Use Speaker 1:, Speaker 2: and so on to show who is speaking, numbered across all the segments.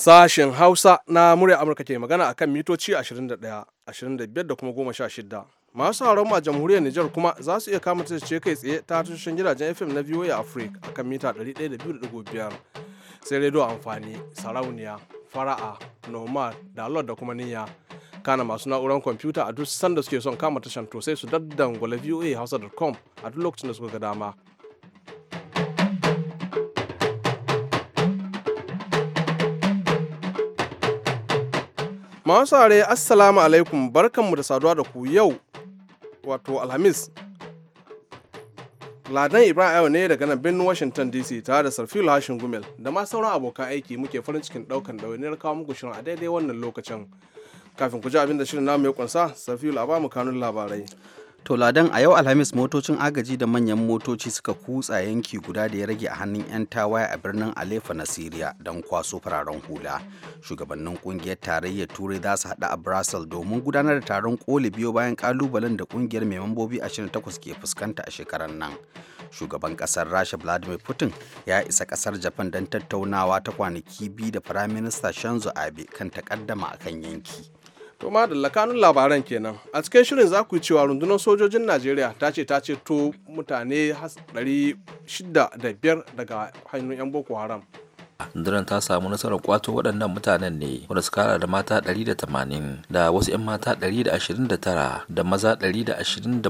Speaker 1: Sashen Hausa na murya Amurka ke magana a kan mitoci 21, 25 da kuma 16. Masu haron a jamhuriyar Nijar kuma za su iya kama ce kai tsaye ta tushen gidajen FM na VOA Africa a kan mita 102.5 sai rediyo amfani, sarauniya, fara'a, noma, dalot da kuma niyya. kana masu na'urar kwamfuta a duk sanda suke son kama tashan to sai su daddangwale voa hausa.com a duk lokacin da suka ga dama. Masu are assalamu alaikum barkanmu da saduwa da ku yau wato alhamis Ladan Ibrahim Ayo ne daga nan birnin Washington DC tare da Sarfil Hashin Gumel da ma sauran abokan aiki muke farin cikin daukan ɗawainiyar kawo muku shirin a daidai wannan lokacin. Kafin ku ji abin da shirin namu ya kunsa, Sarfil a ba mu kanun labarai.
Speaker 2: To ladan a yau Alhamis motocin agaji da manyan motoci suka kutsa yanki guda da ya rage a hannun 'yan tawaye a birnin Alefa na Siriya don kwaso fararen hula. Shugabannin kungiyar tarayyar Turai za su haɗu a Brussels domin gudanar da taron koli biyo bayan kalubalen da kungiyar mai mambobi 28 ke fuskanta a shekarar nan. Shugaban kasar Rasha Vladimir Putin ya isa kasar Japan don tattaunawa ta kwanaki biyu da Firaminista Shanzo Abe kan takaddama kan yanki.
Speaker 1: To da lakanun labaran kenan. A cikin shirin za ku cewa rundunar sojojin Najeriya ta ce ta ceto mutane 605 daga hannun 'yan
Speaker 3: Boko Haram. rundunar ta samu nasarar kwato waɗannan mutanen ne wanda su kara da mata 180 da wasu 'yan mata 129 da maza 127 da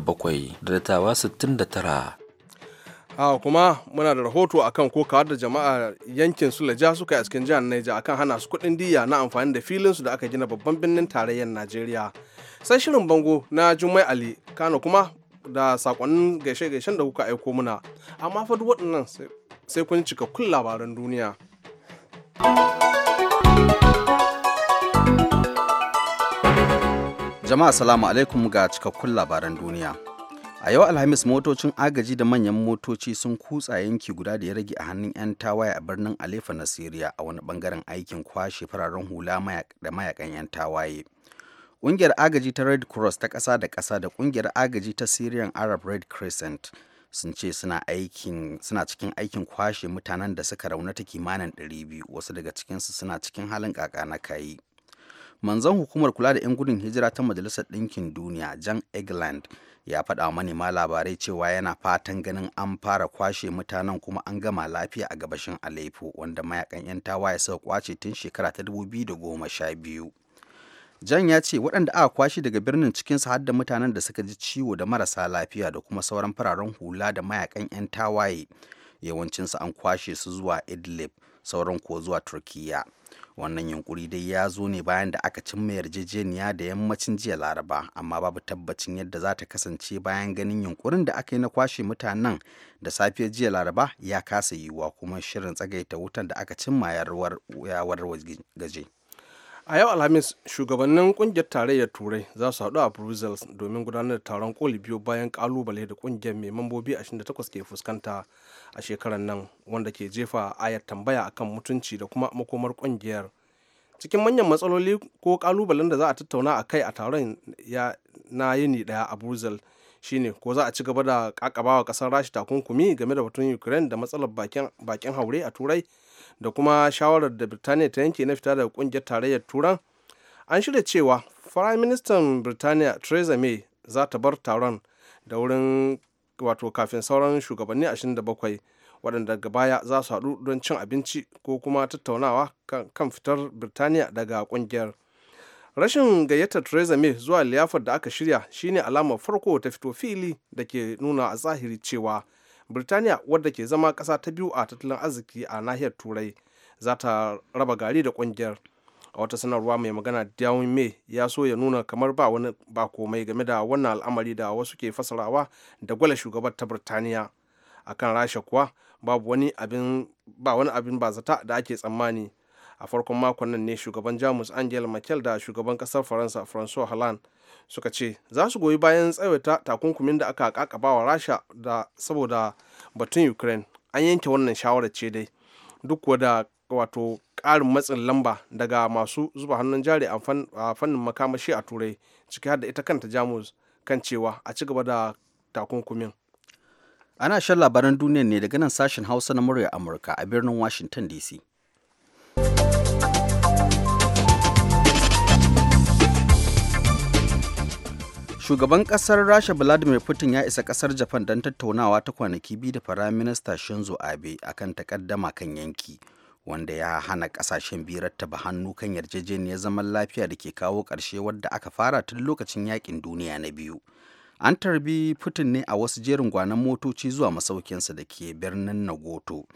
Speaker 3: dattawa 69
Speaker 1: A'a kuma muna da rahoto akan ko kawar da jama'a yankin laja suka yi a cikin jihar Niger akan hana su kuɗin diya na amfani da filin su da aka gina babban birnin tarayyar Najeriya. Sai shirin bango na Jummai Ali Kano kuma da sakonnin gaishe-gaishen da kuka aiko muna. Amma fa duk waɗannan sai kun cika kun
Speaker 2: labaran duniya. Jama'a salamu alaikum ga cikakkun labaran duniya. a yau alhamis motocin agaji da manyan motoci sun kutsa yanki guda da ya rage a hannun 'yan tawaye a birnin alefa na siriya a wani bangaren aikin kwashe fararen hula da mayakan 'yan tawaye ƙungiyar agaji ta red cross ta ƙasa da ƙasa da ƙungiyar agaji ta syrian arab red crescent sun ce suna cikin aikin kwashe mutanen da suka raunata kimanin 200 wasu daga cikinsu suna cikin halin kaka na kayi manzon hukumar kula da 'yan gudun hijira ta majalisar ɗinkin duniya jan egland ya faɗa manema labarai cewa yana fatan ganin an fara kwashe mutanen kuma an gama lafiya a gabashin Aleppo wanda mayakan 'yan tawaye suka kwace tun shekara ta 2012. Jan ya ce waɗanda aka kwashe daga birnin cikinsu har da mutanen da suka ji ciwo da marasa lafiya da kuma sauran fararen hula da mayakan 'yan tawaye yawancinsu an kwashe su zuwa Idlib sauran ko zuwa Turkiyya. wannan yunkuri dai ya zo ne bayan da aka cimma yarjejeniya da yammacin jiya laraba amma babu tabbacin yadda za ta kasance bayan ganin yunkurin da aka yi na kwashe mutanen da safiyar jiya laraba ya kasa yiwuwa kuma shirin tsagaita wutan da aka cimma ya gaje. a yau alhamis
Speaker 1: shugabannin kungiyar tarayyar turai za su haɗu a brussels domin gudanar da taron koli biyu bayan kalubale da kungiyar mai mambobi 28 ke fuskanta a shekarar nan wanda ke jefa ayar tambaya akan mutunci da kuma makomar kungiyar cikin manyan matsaloli ko kalubalen da za a tattauna a kai a taron na yini daya a brussels shine ko za a ci gaba da kakabawa kasar rashi takunkumi game da batun ukraine da matsalar bakin haure a turai da kuma shawarar da birtaniya ta yanke na fita daga kungiyar tarayyar turan an shirya cewa prime ministan birtaniya theresa may za ta bar taron da wurin wato kafin sauran shugabanni 27 waɗanda daga baya za su haɗu don cin abinci ko kuma tattaunawa kan fitar birtaniya daga ƙungiyar. rashin gayyatar theresa may zuwa liyafar da aka shirya shine alamar farko ta fito fili da ke nuna a zahiri cewa birtaniya wadda ke zama kasa ta biyu a tattalin arziki a nahiyar turai za ta raba gari da ƙungiyar a wata sanarwa mai magana dawin May ya so ya nuna kamar ba wani ba komai game da wannan al'amari da wasu ke fasarawa da gwala shugabar ta Birtaniya akan Rasha kuwa babu wani abin ba zata da ake tsammani a farkon makon nan ne shugaban jamus angela merkel da shugaban kasar faransa francois hollande suka ce za su goyi bayan tsawaita takunkumin da aka kakabawa rasha da saboda batun ukraine an yanke wannan shawarar ce dai duk da wato ƙarin matsin lamba daga masu zuba hannun jari a fannin makamashi a turai ciki har da ita kanta jamus kan cewa a ci gaba da
Speaker 2: takunkumin ana shan labaran duniya ne daga nan sashen hausa na murya amurka a birnin washington dc shugaban kasar rasha vladimir putin ya isa kasar japan don tattaunawa ta kwanaki biyu da firayim minista shinzo abe akan takaddama kan yanki wanda ya hana kasashen biyu rattaba hannu kan yarjejeniyar zaman lafiya da ke kawo ƙarshe wadda aka fara tun lokacin yakin duniya na biyu an tarbi putin ne a wasu jerin gwanon motoci zuwa masaukinsa da ke birnin nagoto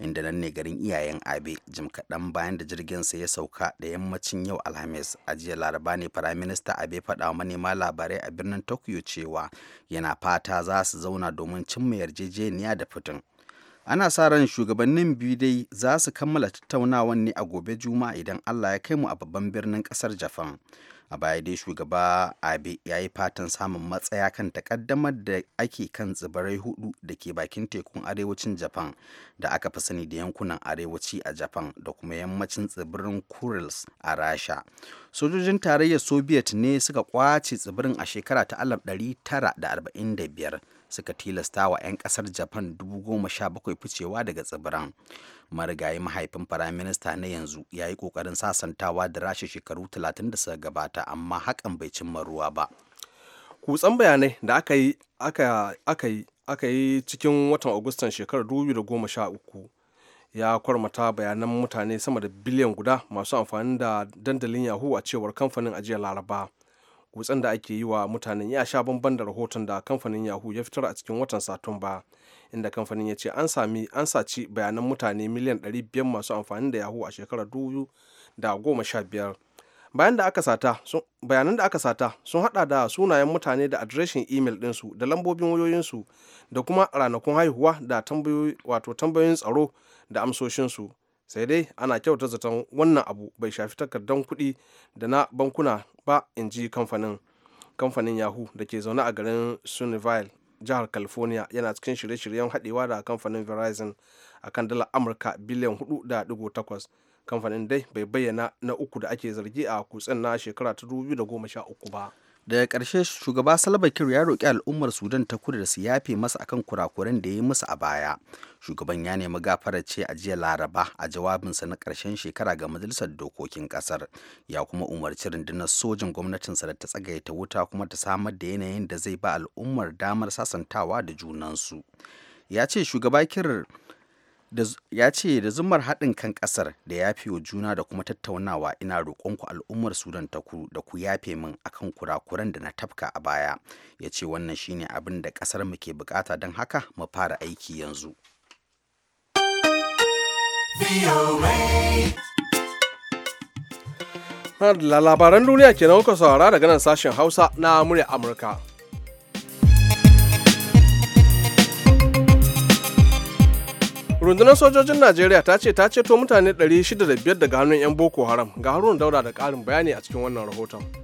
Speaker 2: inda nan ne garin iyayen abe jim kaɗan bayan da jirgin jirginsa ya sauka da yammacin yau alhamis a jiya laraba ne firaminista abe faɗa manema labarai a birnin tokyo cewa yana fata za su zauna domin cimma yarjejeniya da fitin ana sa ran shugabannin biyu dai za su kammala tattaunawan ne a gobe juma idan allah ya kai mu a babban birnin kasar japan a baya dai shugaba abe ya yi fatan samun matsaya kan takaddamar da ake kan tsibirai hudu da ke bakin tekun arewacin japan da aka fi sani da yankunan arewaci a japan da kuma yammacin tsibirin kurils a rasha sojojin tarayyar soviet ne suka kwace tsibirin a shekara ta 1945 suka tilasta wa 'yan kasar japan 17,000 ficewa daga tsibiran marigayi mahaifin firaminista na yanzu ya yi kokarin sasantawa da rashin shekaru 30 da suka gabata amma hakan bai cimma ruwa ba kutsan bayanai da aka yi
Speaker 1: aka yi cikin watan agustan shekarar 2013 ya kwarmata bayanan mutane sama da biliyan guda masu amfani da dandalin yahoo a cewar kamfanin ajiyar laraba kutsen da ake yi wa mutanen ya sha bambam da rahoton da kamfanin yahoo ya fitar a cikin watan satumba inda kamfanin ya ce an sami an saci bayanan mutane miliyan 500 masu amfani da yahoo a shekarar 2015 bayan da aka sata bayanan da aka sata sun hada da sunayen mutane da adireshin imel su da lambobin wayoyinsu da kuma ranakun haihuwa da wato tambayoyin tsaro da amsoshinsu sai dai ana kyauta zaton wannan abu bai shafi takardar kuɗi da na bankuna ba in ji kamfanin kamfanin yahoo da ke zaune a garin sunnyvale jihar california yana cikin shirye-shiryen haɗewa da kamfanin verizon a kan dala amurka biliyan 4.8 kamfanin dai bai bayyana na uku da ake zargi a kutsen na shekara ta 2013 ba
Speaker 2: daga ƙarshe shugaba salva kiir ya roƙi al'ummar sudan ta kudu da su yafe masa akan kurakuran da ya yi musu a baya shugaban ya nemi gafarar ce a jiya laraba a jawabinsa na ƙarshen shekara ga majalisar dokokin ƙasar ya kuma umarci rundunar sojin gwamnatinsa da ta tsagaita wuta kuma ta samar da yanayin da zai ba al'ummar damar sasantawa da junansu ya ce shugaba kiir ya ce da zumar haɗin kan ƙasar da fi wa juna da kuma tattaunawa ina roƙonku al'ummar sudan ta ku da ku yafe min akan kurakuran da na tafka a baya ya ce wannan shine abin da ƙasar mu ke bukata don haka mu fara aiki yanzu labaran duniya
Speaker 1: kenan kuka saurara daga nan sashen hausa na murya amurka rundunar sojojin najeriya ta ce ta ceto mutane 605 daga hannun 'yan boko haram ga haruna daura da karin bayani a cikin wannan
Speaker 3: rahoton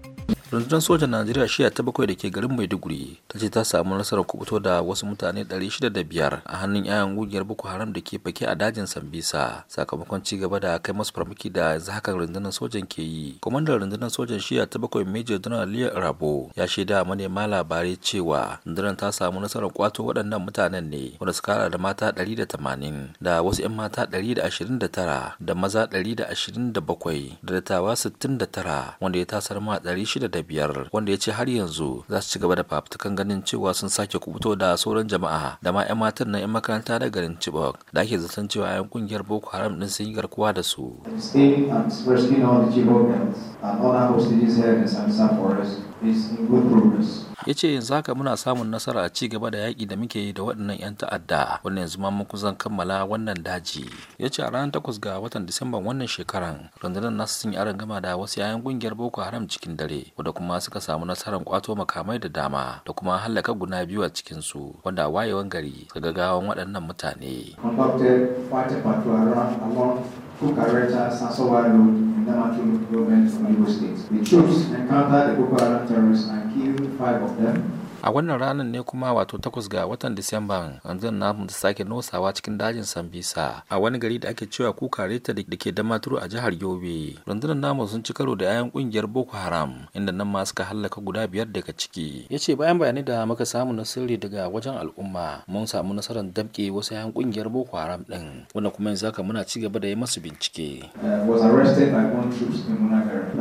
Speaker 3: rundunar sojan najeriya shiya ta bakwai da ke garin maiduguri ta ce ta samu nasarar kubuto da wasu mutane 605 a hannun yayan gugiyar boko haram da ke fake a dajin sambisa sakamakon ci gaba da kai masu farmaki da yanzu hakan rundunar sojan ke yi kwamandan rundunar sojan shiya ta bakwai major general liya rabo ya shaida manema labarai cewa rundunar ta samu nasarar kwato waɗannan mutanen ne wanda suka da mata 180 da wasu 'yan mata 129 da maza 127 da dattawa 69 wanda ya tasar ma 600 biyar wanda ya ce har yanzu za su ci gaba da fafutukan ganin cewa sun sake kubuto da sauran jama'a da ma 'yan matan na 'yan makaranta na garin Chibok da ake zaton cewa 'yan kungiyar Boko Haram din sun yi garkuwa da su. Uh, ya ce yanzu haka muna samun nasara a ci gaba da yaƙi da muke yi da waɗannan 'yan ta'adda wannan yanzu ma mun kusan kammala wannan daji ya ce a ranar takwas ga watan disamban wannan shekaran rundunar nasu sun yi gama da wasu 'ya'yan ƙungiyar boko haram cikin dare wadda wanda kuma suka samu nasarar kwato makamai da dama da kuma hallaka guna biyu a cikinsu wanda wayewan gari ga gagawan waɗannan mutane. two characters and so
Speaker 2: on in Damatun government of State. The troops encountered the Boko Haram terrorists and killed five of them
Speaker 3: a wannan ranar ne kuma wato takwas ga watan disamba yanzu na mu sake nosawa cikin dajin sambisa a wani gari da ake cewa kuka reta da ke damaturu a jihar yobe rundunar namu sun ci karo da yayan kungiyar boko haram inda nan ma suka hallaka guda biyar daga ciki ya ce bayan bayanai da muka samu na sirri daga wajen al'umma mun samu nasarar damke wasu yayan kungiyar boko haram din wanda kuma yanzu haka muna ci gaba da yi masu bincike uh,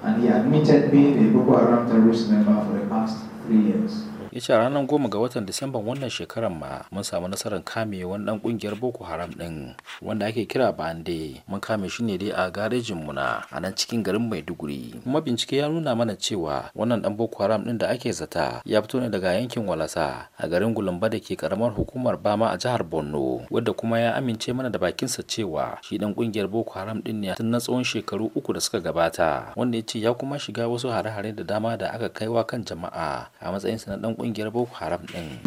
Speaker 2: And he admitted being a
Speaker 1: Boko Haram terrorist member for the past three years.
Speaker 3: ya ce ranar goma ga watan disamban wannan shekarar ma mun samu nasarar kame wani dan kungiyar boko haram din wanda ake kira bande mun kame shi ne dai a garejin mu na a nan cikin garin maiduguri kuma bincike ya nuna mana cewa wannan dan boko haram din da ake zata ya fito ne daga yankin walasa a garin gulumba da ke karamar hukumar bama a jihar borno wadda kuma ya amince mana da bakinsa cewa shi dan kungiyar boko haram din ne tun na tsawon shekaru uku da suka gabata wanda ya ce ya kuma shiga wasu hare-hare da dama da aka kaiwa kan jama'a a matsayinsa na dan kungiyar Boko Haram din.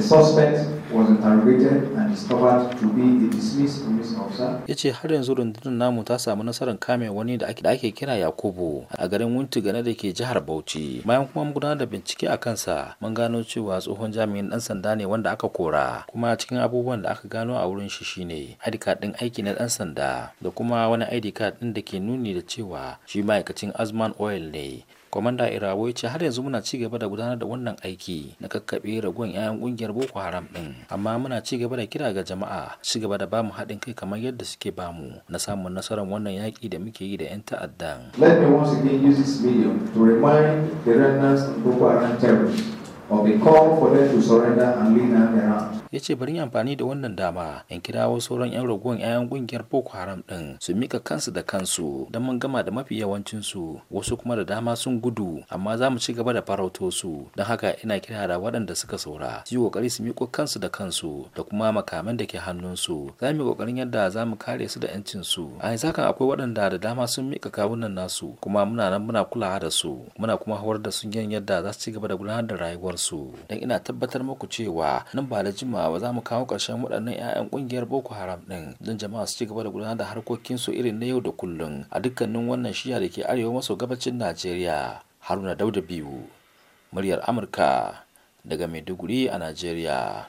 Speaker 3: Ya ce har yanzu rundunar namu ta samu nasarar kame wani da ake kira Yakubu a garin Wunti gane da ke jihar Bauchi. Bayan kuma mun gudanar da bincike a kansa mun gano cewa tsohon jami'in dan sanda ne wanda aka kora kuma cikin abubuwan da aka gano a wurin shi shine ID card din aiki na dan sanda da kuma wani ID card din da ke nuni da cewa shi ma'aikacin Azman Oil ne Kwamanda Irabo ya ce har yanzu muna ci gaba da gudanar da wannan aiki na kakkaɓe ragon 'ya'yan ƙungiyar Boko Haram ɗin. Amma muna ci gaba da kira ga jama'a ci gaba da bamu haɗin kai kamar yadda suke bamu na samun nasarar wannan yaƙi da muke yi da 'yan ta'adda Let me once
Speaker 4: again use this medium to remind
Speaker 2: the remnants of Boko Haram terrorists
Speaker 3: of the call for to surrender and lean on their arms. ya ce bari amfani da wannan dama in kira wasu sauran 'yan raguwan 'ya'yan kungiyar boko haram din su mika kansu da kansu dan mun gama da mafi yawancin su wasu kuma da dama sun gudu amma za mu ci gaba da farauto su don haka ina kira da waɗanda suka saura su yi ƙoƙari su miko kansu da kansu da kuma makaman da ke hannunsu za mu kokarin yadda za mu kare su da su a yanzu hakan akwai waɗanda da dama sun mika kawunan nasu kuma muna nan muna kulawa da su muna kuma horar da su yin yadda za su ci gaba da gudanar da rayuwarsu don ina tabbatar muku cewa nan ba da jima cewa ba za mu kawo ƙarshen waɗannan 'ya'yan ƙungiyar boko haram ɗin don jama'a su ci gaba da gudanar da harkokinsu irin na yau da kullum a dukkanin wannan shiya da ke arewa maso gabacin najeriya haruna dauda biyu muryar amurka daga maiduguri a najeriya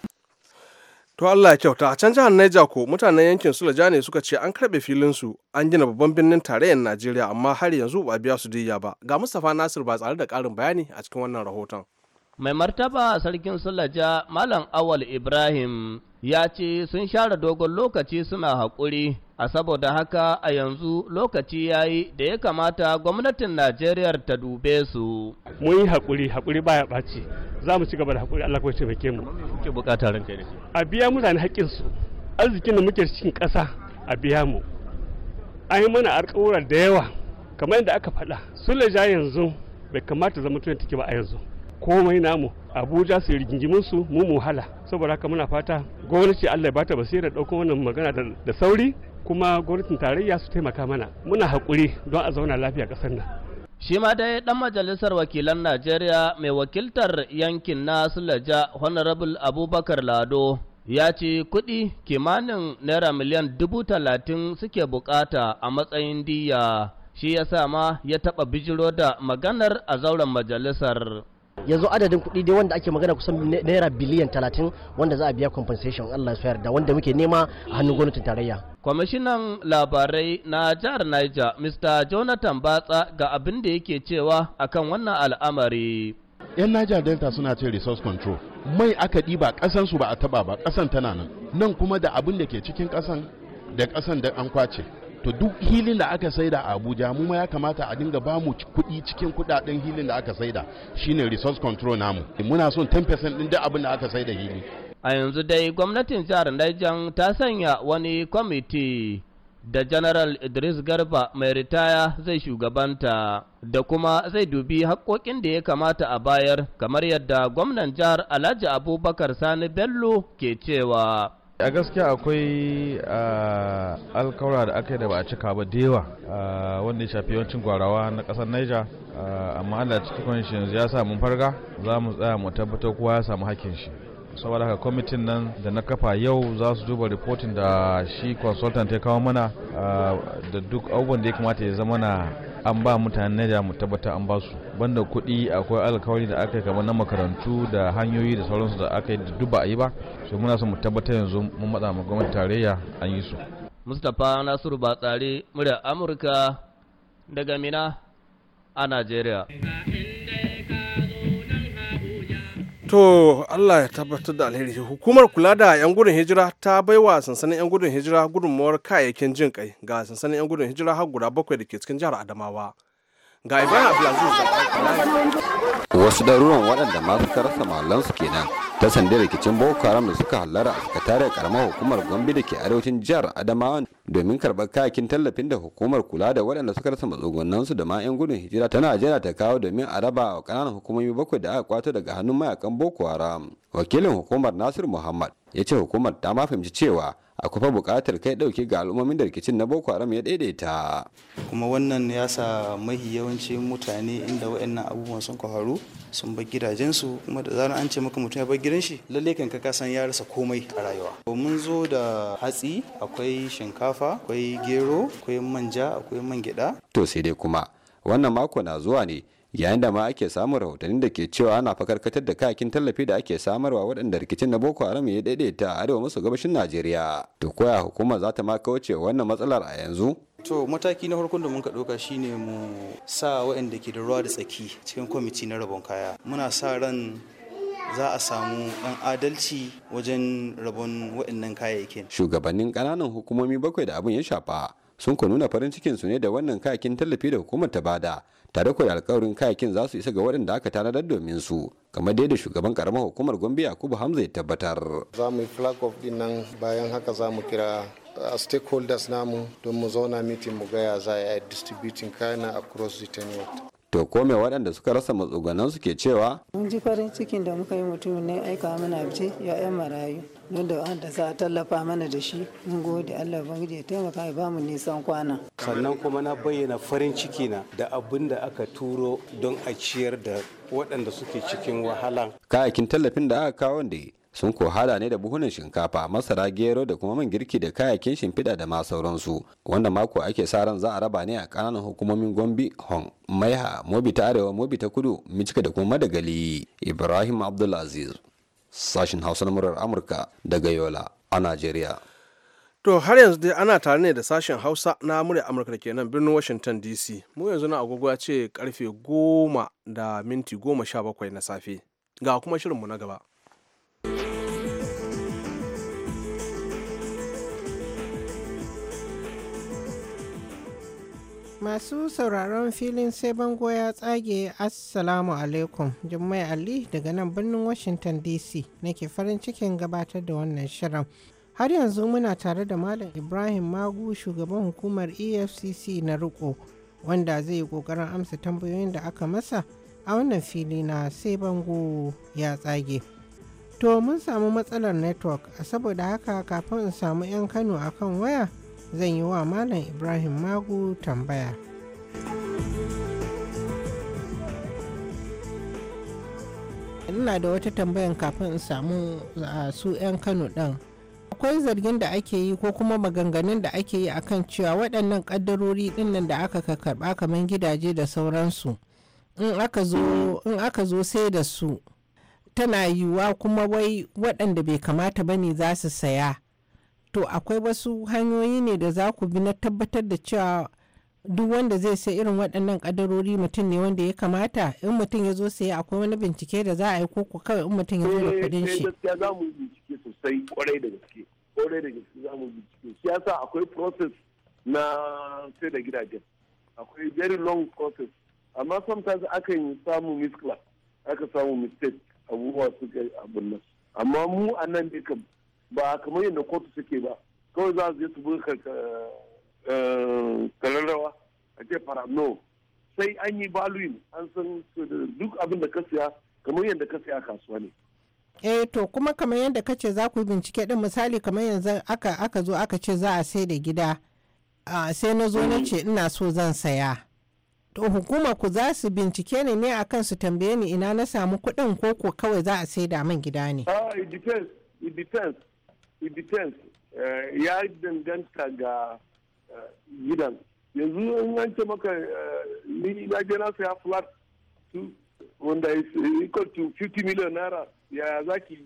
Speaker 1: to allah kyauta a can jihar naija ko mutanen yankin sulaja ne suka ce an filin su an gina babban birnin tarayyar najeriya amma har yanzu ba biya su diya ba ga mustapha nasir ba tsare da ƙarin
Speaker 5: bayani a cikin wannan rahoton mai martaba a sarkin sulaja malam awal ibrahim ya ce sun share dogon lokaci suna haƙuri a saboda haka a yanzu lokaci ya yi da ya kamata gwamnatin najeriya ta dube su mun yi haƙuri haƙuri baya ɓaci za mu ci gaba da haƙuri allah kawai taimake mu kuke bukata ne
Speaker 6: a biya mutane haƙƙinsu arzikin da muke cikin ƙasa a biya mu an yi mana alƙawura da yawa kamar yadda aka faɗa sulaja yanzu bai kamata zama tunan take ba a yanzu komai namu abuja su rigingimin su mu mu hala saboda haka muna fata gwamnati allah ya bata basira ɗaukar wannan magana da sauri kuma gwamnatin tarayya su
Speaker 5: taimaka mana muna haƙuri don a zauna lafiya ƙasar nan shi ma dai 'dan majalisar wakilan najeriya mai wakiltar yankin na sulaja honorable abubakar lado ya ce kuɗi kimanin naira miliyan dubu talatin suke bukata a matsayin diya shi ya sa ma ya taɓa bijiro da maganar a zauren majalisar
Speaker 7: yanzu adadin kuɗi dai wanda ake magana kusan naira biliyan talatin wanda za a biya compensation Allah ya da wanda muke nema a hannun gwamnatin tarayya. Kwamishinan
Speaker 5: labarai na jihar Niger Mr. Jonathan Batsa ga abin da yake cewa akan wannan al'amari.
Speaker 4: 'Yan Niger Delta suna ce resource control. Mai aka ɗiba ƙasan su ba a taba ba ƙasan tana nan. Nan kuma da abin da ke cikin ƙasan da kasan da an kwace. to duk hilin da aka saida a abuja mu ma ya kamata a dinga bamu kuɗi cikin kuɗaɗen hilin da aka saida shine
Speaker 5: resource control namu
Speaker 4: muna son 10% din duk abin da
Speaker 5: aka saida hili a yanzu dai gwamnatin jihar Niger ta sanya wani kwamiti da General Idris Garba mai ritaya zai shugabanta da kuma zai dubi haƙoƙin da ya kamata a bayar kamar yadda gwamnan jihar Alhaji Abubakar Sani Bello ke cewa. a gaskiya akwai alkawura da aka yi da ba a cika
Speaker 3: ba da yawa wanda ya shafi yawancin gwarawa na kasar niger amma allah cikin shi yanzu ya samu farga za mu tsaya mu tabbatar kowa ya samu hakkin shi saboda haka kwamitin nan da na kafa yau za su duba ripotin da shi consultant ya kawo mana da duk abubuwan da ya kamata ya zama na an ba mutane naja mu tabbata an ba su banda kuɗi akwai alkawari da aka yi kamar na makarantu da hanyoyi da sauransu da aka yi da duk ba a yi ba so muna son mu tabbatar yanzu mun matsa ma gwamnati tarayya an yi su
Speaker 5: mustapha nasiru batsari murya amurka daga mina a najeriya
Speaker 1: To Allah ya tabbatar da alheri. Hukumar kula da 'yan gudun hijira ta baiwa sansanin 'yan gudun hijira gudunmuwar kayayyakin jin kai ga sansanin 'yan gudun hijira har guda bakwai da ke cikin jihar Adamawa. ga ibrahim abdulaziz
Speaker 4: da wasu ɗaruran waɗanda ma suka rasa malansu kenan ta sandar rikicin boko haram da suka hallara a sakatare karamar hukumar gombe da ke arewacin jihar adamawa domin karɓar kayakin tallafin da hukumar kula da waɗanda suka rasa matsugunansu da ma 'yan gudun hijira ta najeriya ta kawo domin a raba wa ƙananan hukumomi bakwai da aka kwato daga hannun mayakan boko haram wakilin hukumar nasiru muhammad ya ce hukumar ta ma fahimci cewa akwai fa buƙatar kai ɗauke ga al'ummomin da rikicin na boko haram ya daidaita kuma wannan ya sa mahi yawancin mutane inda wayannan abubuwan sun
Speaker 2: faru sun bar gidajensu kuma da zarar an ce maka mutum ya bar gidan shi lalle kan ka san ya rasa komai a rayuwa mun zo da hatsi akwai shinkafa akwai gero akwai
Speaker 4: manja akwai man gyaɗa to sai dai kuma wannan mako na zuwa ne yayin da ma ake samun rahotanni da ke cewa ana fakarkatar da kayakin tallafi da ake samarwa waɗanda rikicin na boko haram ya daidaita a arewa maso gabashin najeriya to koya hukuma za ta ma kauce wannan matsalar a yanzu
Speaker 2: to mataki na farkon da muka ɗauka shine mu sa waɗanda ke da ruwa da tsaki cikin kwamiti na rabon kaya muna sa ran za a samu ɗan adalci wajen
Speaker 4: rabon waɗannan kayayyakin shugabannin ƙananan hukumomi bakwai da abin ya shafa sun ku nuna farin cikin su ne da wannan kayakin tallafi da hukumar ta bada tare da alkawarin kayakin za su isa ga waɗanda aka tanadar domin su kamar dai da shugaban karamar hukumar gombe yakubu hamza ya tabbatar za mu yi flag of din nan bayan haka za mu kira a uh, stakeholders namu don mu zauna meeting mu gaya za a distributing kayana across the 10 to komai waɗanda suka rasa matsugunan suke cewa
Speaker 8: mun ji farin cikin da muka yi mutum ne aika mana abinci ya yan marayu don da wanda za a tallafa mana da shi mun gode Allah ubangiji ya taimaka ya bamu nisan kwana
Speaker 4: sannan kuma na bayyana farin ciki na da abin da aka turo don a ciyar da waɗanda suke cikin wahala kayakin tallafin da aka kawo da sun kohala ne da buhunan shinkafa masara gero da kuma man girki da kayayyakin shimfiɗa da ma sauransu wanda mako ake sa ran za a raba ne a ƙananan hukumomin gombe hong maiha mobi ta arewa mobi ta kudu micika da kuma madagali ibrahim abdulaziz sashin hausa na murar amurka daga yola a nigeria.
Speaker 1: To har yanzu dai ana tare ne da sashen Hausa na murya Amurka da kenan birnin Washington DC. Mu yanzu na agogo ya ce karfe goma da minti goma sha bakwai na safe. Ga kuma shirinmu na gaba.
Speaker 8: Masu sauraron filin sai bango ya tsage Assalamu alaikum Jummai Ali daga nan birnin Washington DC nake farin cikin gabatar da wannan shirin. Har yanzu muna tare da Malam Ibrahim Magu shugaban hukumar EFCC na riko wanda zai yi kokarin amsa tambayoyin da aka masa a wannan fili na sai bango ya tsage. To mun samu matsalar network saboda haka kafin in samu 'yan Kano akan waya. zan yi wa malam ibrahim magu tambaya ina da wata tambayan kafin in samu ah, su 'yan kano ɗin akwai zargin da ake yi ko kuma maganganun da ake yi akan cewa waɗannan ƙaddarori ɗinnan da aka karɓa kamar gidaje da sauransu in aka zo sai da su tana yiwuwa kuma wai waɗanda bai kamata ba ne za su saya to akwai wasu hanyoyi ne da za ku bi na tabbatar da cewa duk wanda zai sai irin waɗannan ƙadarori mutum ne wanda ya kamata in mutum ya zo sai akwai wani bincike da za a yi koko kawai in mutum ya zo da eh, kuɗin eh, shi.
Speaker 6: gaskiya za mu bincike sosai kwarai da gaske kwarai da gaske za mu bincike shi yasa akwai process na sai da gidajen akwai very long process amma sometimes akan samu misclass aka samu mistake abubuwa suka abun nan amma mu a nan dai kam ba kamar yadda kotu suke ba kawai za su je su buga kararrawa eh, eh, a ce no sai an yi baluin an san duk abin da ka siya kamar yadda ka siya kasuwa ne
Speaker 8: eh to kuma kamar yadda ka ce za ku yi bincike din misali kamar yanzu aka aka zo aka ce za a sai da gida sai na zo na ce ina so zan saya to hukuma ku za su bincike ne ne akan su tambaye ni ina na samu kuɗin ko kawai za a sai da man gida ne
Speaker 6: ah it depends it depends it depends eh, ya danganta ga eh, gidan yanzu in an ce maka eh, ni na je na saya flat wanda is equal to 50 million naira ya zaki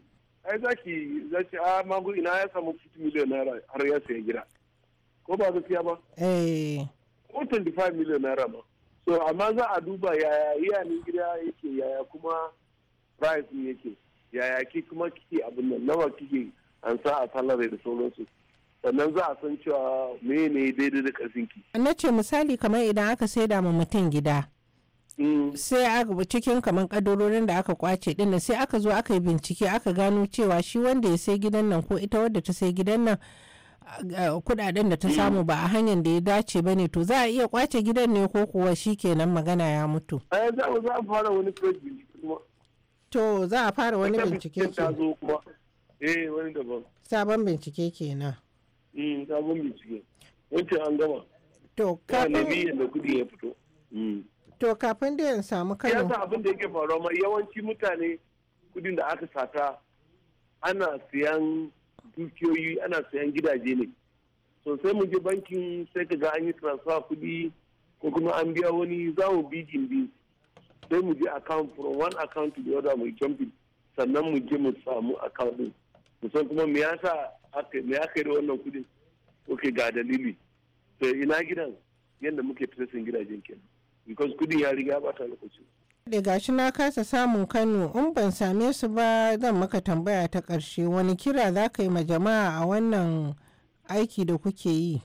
Speaker 6: ai zaki zaki a magu ina ya samu 50 million naira har ya saya gida ko ba gaskiya ba eh ko 25 million naira ma so amma za a duba yaya iyanin gida yake yaya kuma price yake yaya ki kuma kike abin nan nawa kike an sa a tallare da sauransu sannan za a san cewa mene daidai da ƙarfinki.
Speaker 8: na ce misali kamar idan aka da ma mutum gida mm. sai a cikin kamar kadarorin da aka kwace din sai aka zo aka yi bincike aka gano cewa shi wanda ya sai gidan nan ko ita wadda ta sai gidan nan kudaden da ta samu ba a hanyar da ya dace ba ne to za a iya kwace gidan ne ko kuwa shi kenan magana ya mutu.
Speaker 6: Eh, za a fara wani
Speaker 8: To za a fara wani bincike.
Speaker 6: eh wani daban
Speaker 8: sabon bincike kenan
Speaker 6: mm sabon bincike wancan an gama to kafin da kudi ya fito mm.
Speaker 8: to kafin da yan samu kano ya
Speaker 6: abin da yake faruwa ma yawanci mutane kudin da aka sata ana siyan dukiyoyi ana siyan gidaje ne sosai mu je bankin sai ka ga an yi transfer kudi ko kuma an biya wani za mu bi bijin bi sai mu je account from one account to the other mu jumping sannan mu je mu samu account din kusan kuma me sa me ya kai da wannan kudin oke ga dalili to ina gidan yadda muke sun gidajen kenan because kudin ya riga ba ta lokaci
Speaker 8: da gashi na kasa samun kano in ban same su ba zan maka tambaya ta karshe wani kira za ka yi ma jama'a a wannan aiki da kuke yi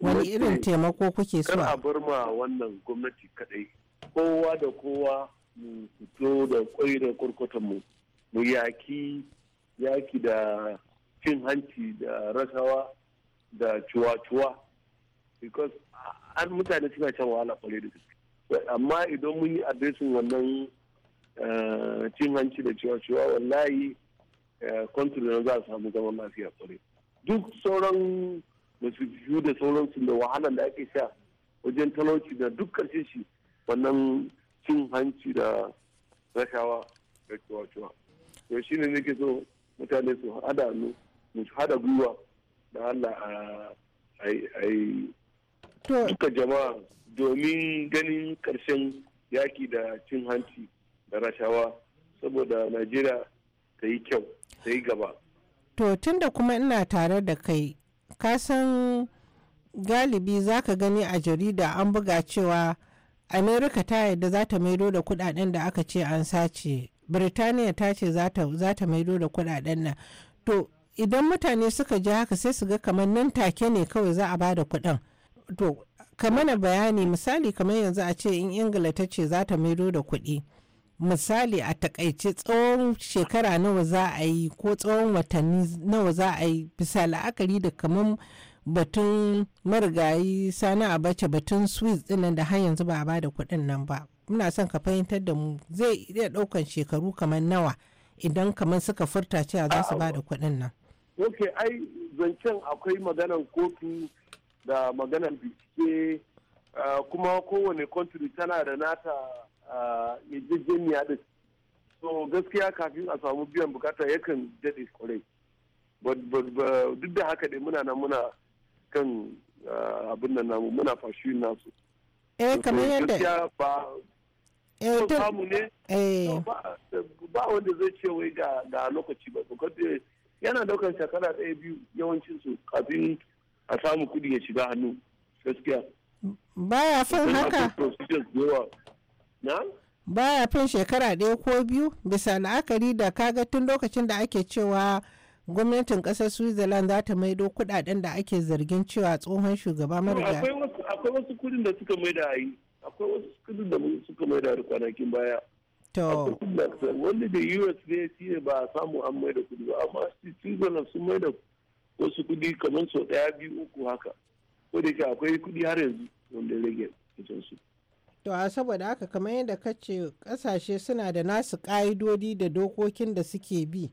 Speaker 6: wani irin taimako kuke so a bar ma wannan gwamnati kadai kowa da kowa mu fito da kwai da kurkutan mu mu yaki yaki da cin hanci da rasawa da cuwa-cuwa because an mutane suna can wahala kwarai da gaske amma idan mun yi adresin wannan eh, cin hanci da cuwa-cuwa wallahi kwantar eh, na za a samu zaman lafiya kwarai duk sauran masifiyu da sauran su da wahala da ake sha wajen talauci da duk karshe shi wannan cin hanci da rashawa da cuwa-cuwa to shi ne nake so mutane su hada hannu mu hada gwiwa da Allah a yi duka jama'a domin ganin karshen yaki da cin hanci da rashawa saboda najeriya ta yi kyau ta yi gaba
Speaker 8: to tunda kuma ina tare da kai ka san galibi za ka gani a jarida an buga cewa amerika ta yadda za ta maido da kudaden da aka ce an sace birtaniya ta ce za ta maido da kudaden nan to idan mutane suka ji haka sai su ga kamar nan take ne kawai za a ba da kuɗin to mana bayani misali kamar yanzu a ce in ingila ta ce za ta maido da kuɗi misali a takaice tsawon shekara nawa za a yi ko tsawon watanni nawa za a yi bisa la'akari da kamar batun marigayi sani abace batun swiss dinnan da har yanzu ba a ba da kuɗin nan ba muna son ka fahimtar da mu zai iya ɗaukan shekaru kamar nawa idan kamar suka furta cewa za su ba da kuɗin nan.
Speaker 6: ok ai zancen akwai maganan kotu da maganan bincike kuma kowane country tana da nata yajejeniya da so gaskiya kafin a samu biyan bukata yakan daɗe kwarai duk da haka dai muna nan muna kan abin nan namu muna fashi nasu eh kamar yadda
Speaker 8: Eh, so samu ne eh.
Speaker 6: ba wanda zai ce wai ga lokaci ba eh, yana daukar shekara ɗaya biyu yawancin su kafin a samu kuɗi ya shiga hannu gaskiya baya fin haka
Speaker 8: baya fin shekara ɗaya ko biyu bisa la'akari da kaga tun lokacin da ake cewa gwamnatin kasar switzerland za ta maido kuɗaɗen da ake zargin cewa tsohon shugaba mariga
Speaker 6: akwai wasu kudin da suka maida yi akwai wasu suka da mun suka mai da kwanakin baya to wanda da us ne shi ne ba a samu an mai da kudi ba amma switzerland sun mai da wasu kudi kamar sau daya biyu uku haka ko da ke akwai kudi har yanzu wanda rage cikin su
Speaker 8: to a saboda haka kamar yadda ka ce kasashe suna da nasu ka'idodi da dokokin da suke bi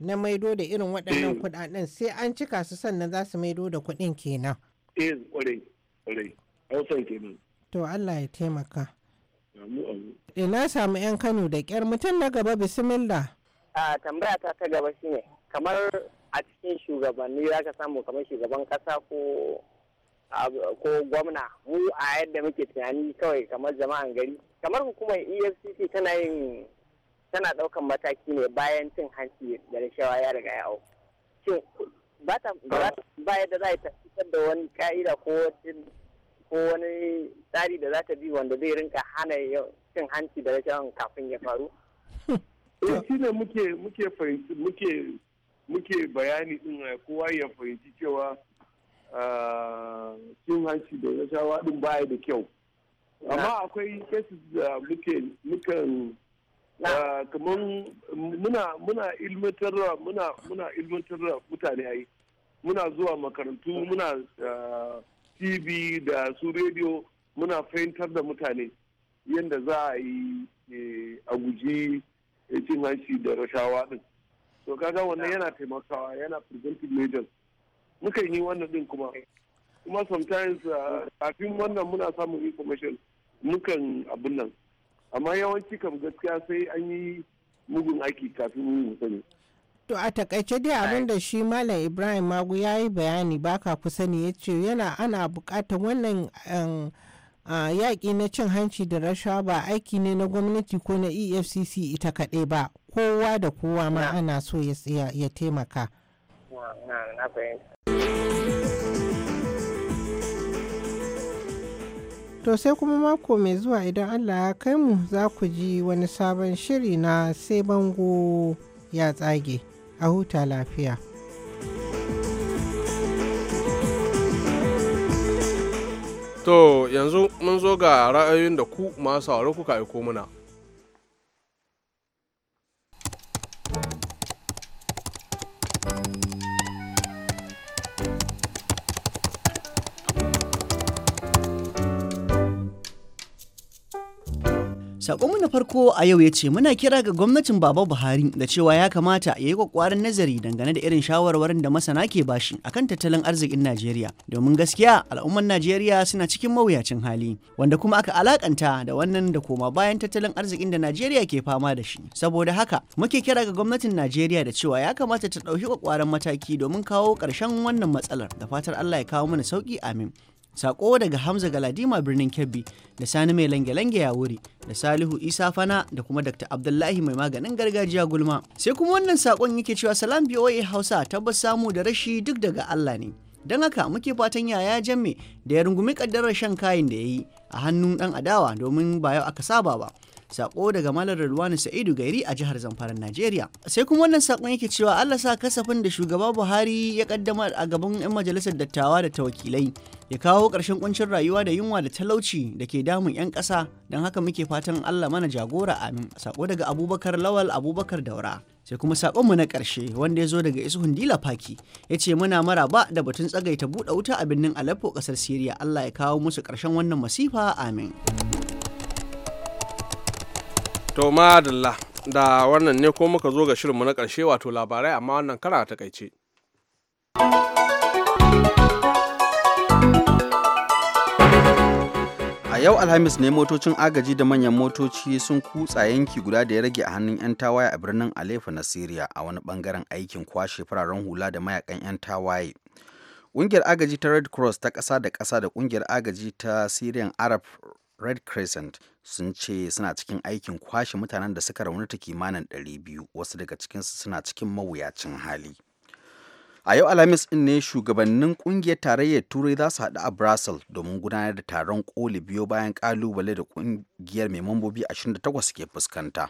Speaker 8: na maido da irin waɗannan eh. kuɗaɗen sai an cika su sannan za su maido da kuɗin kenan.
Speaker 6: Eh, ƙwarai, ƙwarai, hausan kenan.
Speaker 8: to Allah ya taimaka ina eh, samu 'yan kano da kyar mutum na gaba bisimilla
Speaker 6: a tambaya ta ta gaba shine kamar a cikin shugabanni za ka samu kamar shugaban kasa ko ko gwamna mu a yadda muke tunani kawai kamar jama'an gari kamar hukumar efcc tana yin tana daukan mataki ne bayan cin hanci da rashawa ya riga ya shin ba yadda za a fitar da wani ka'ida ko ko wani tsari da za ta bi wanda zai rinka hana cin hanci da rashin kafin ya faru? shi ne muke muke muke muke bayani din eh, kowa ya fahimci cewa ah, cin hanci da rashawa din baya da kyau amma akwai cases da muke mukan ah, kamar muna muna ilmantarwa muna muna ilmantarwa mutane ai muna zuwa makarantu muna ah, tv da su rediyo muna fahimtar da mutane yadda za a yi eh, a guji cin hanci da rashawa din to kaga wannan yana taimakawa yana preventive measures muka yi wannan din kuma kuma sometimes ah, kafin wannan muna samun information mukan abin nan amma yawanci kam gaskiya sai an yi mugun aiki kafin mu sani
Speaker 8: To a takaice dai abin da shi Malam Ibrahim Magu ya yi bayani baka kusa ne ya ce yana ana bukatar wannan um, yaƙi na cin hanci da rashawa ba aiki ne na gwamnati ko na EFCC ita kaɗai ba kowa da kowa ma ana so ya taimaka. To sai kuma mako mai zuwa idan Allah ya kai mu za ku ji wani sabon shiri na sai bango ya tsage. a huta lafiya
Speaker 1: to yanzu mun zo ga ra'ayoyin da ku masu sauraro kuka aiko muna
Speaker 7: Sakonmu na farko a yau ya ce muna kira ga gwamnatin Baba Buhari da cewa ya kamata ya yi kwakwarin nazari dangane da irin shawarwarin da masana ke bashi akan tattalin arzikin Najeriya. Domin gaskiya al'umman Najeriya suna cikin mawuyacin hali wanda kuma aka alakanta da wannan da koma bayan tattalin arzikin da Najeriya ke fama da shi. Saboda haka muke kira ga gwamnatin Najeriya da cewa ya kamata ta ɗauki kwakwarin mataki domin kawo ƙarshen wannan matsalar da fatar Allah ya kawo mana sauki amin. Sako daga Hamza Galadima birnin Kebbi da Sani mai lange-lange ya wuri da Salihu Isa Fana da kuma Dr. Abdullahi mai maganin gargajiya gulma. Sai kuma wannan sakon yake cewa salam BOA Hausa tabbas samu da rashi duk daga Allah ne. Don haka muke fatan yaya jamme da ya rungumi kaddarar shan kayan da ya yi a hannun dan adawa domin ba yau aka saba ba. sako daga malar Rilwani Sa'idu Gairi a jihar Zamfara Najeriya sai kuma wannan sakon yake cewa Allah sa kasafin da shugaba Buhari ya kaddamar a gaban 'yan majalisar dattawa da tawakilai ya kawo ƙarshen kuncin rayuwa da yunwa da talauci da ke damun 'yan ƙasa don haka muke fatan Allah mana jagora amin sako daga Abubakar Lawal Abubakar Daura sai kuma sakonmu na karshe wanda ya zo daga isuhun dila faki ya ce muna maraba da batun tsagaita buɗe wuta a birnin aleppo ƙasar syria allah ya kawo musu ƙarshen wannan masifa amin
Speaker 1: to madalla da wannan ne ko muka zo ga shirinmu na karshe wato labarai amma wannan kara ta kaice.
Speaker 2: a yau alhamis ne motocin agaji da manyan motoci sun kutsa yanki guda da ya rage a hannun 'yan tawaye a birnin alefa na syria a wani bangaren aikin kwashe fararen hula da mayakan 'yan tawaye ƙungiyar agaji ta red cross ta ƙasa da ƙasa da ƙungiyar agaji ta syrian arab red crescent sun ce suna cikin aikin kwashe mutanen da suka ta kimanin 200 wasu daga cikinsu suna cikin mawuyacin hali a yau alhamis din ne shugabannin kungiyar tarayyar turai za su haɗu a brussels domin gudanar da taron koli biyo bayan ƙalubale da kungiyar mai mambobi 28 ke fuskanta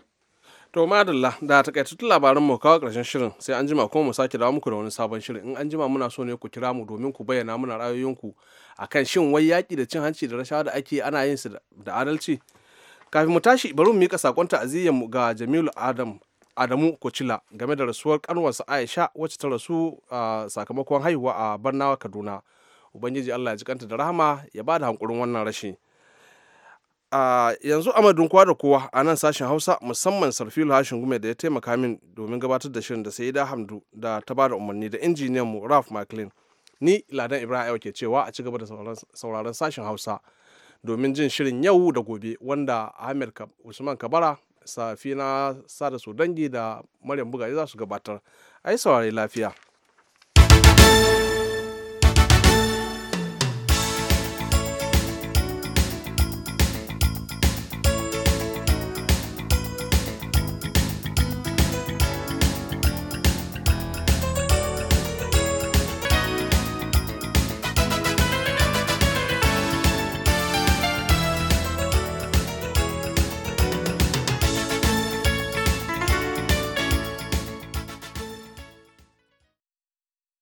Speaker 1: to madalla da takaitattun labaran mu kawo karshen shirin sai an jima kuma mu sake dawo muku da wani sabon shirin in an jima muna so ne ku kira mu domin ku bayyana muna ra'ayoyinku akan shin wai yaƙi da cin hanci da rashawa da ake ana yin su da adalci kafin mu tashi bari mu mika sakon ta'aziyyar mu ga Jamilu Adam Adamu Kucila game da rasuwar kanwarsa Aisha wacce ta rasu sakamakon haihuwa a Barnawa Kaduna ubangiji Allah ya ji kanta da rahama ya ba da hankurin wannan rashin. a yanzu amadun kowa da kowa a nan sashen hausa musamman sarfilu hashin gume da ya taimaka min domin gabatar da shirin da sai da hamdu da ta bada umarni da injiniyan mu raf maclean ni ladan ibrahim ke cewa a ci gaba da sauraron sashen hausa domin jin shirin yau da gobe wanda ahmed usman kabara safina sada su dangi da maryam bugaye za su gabatar ai saurari lafiya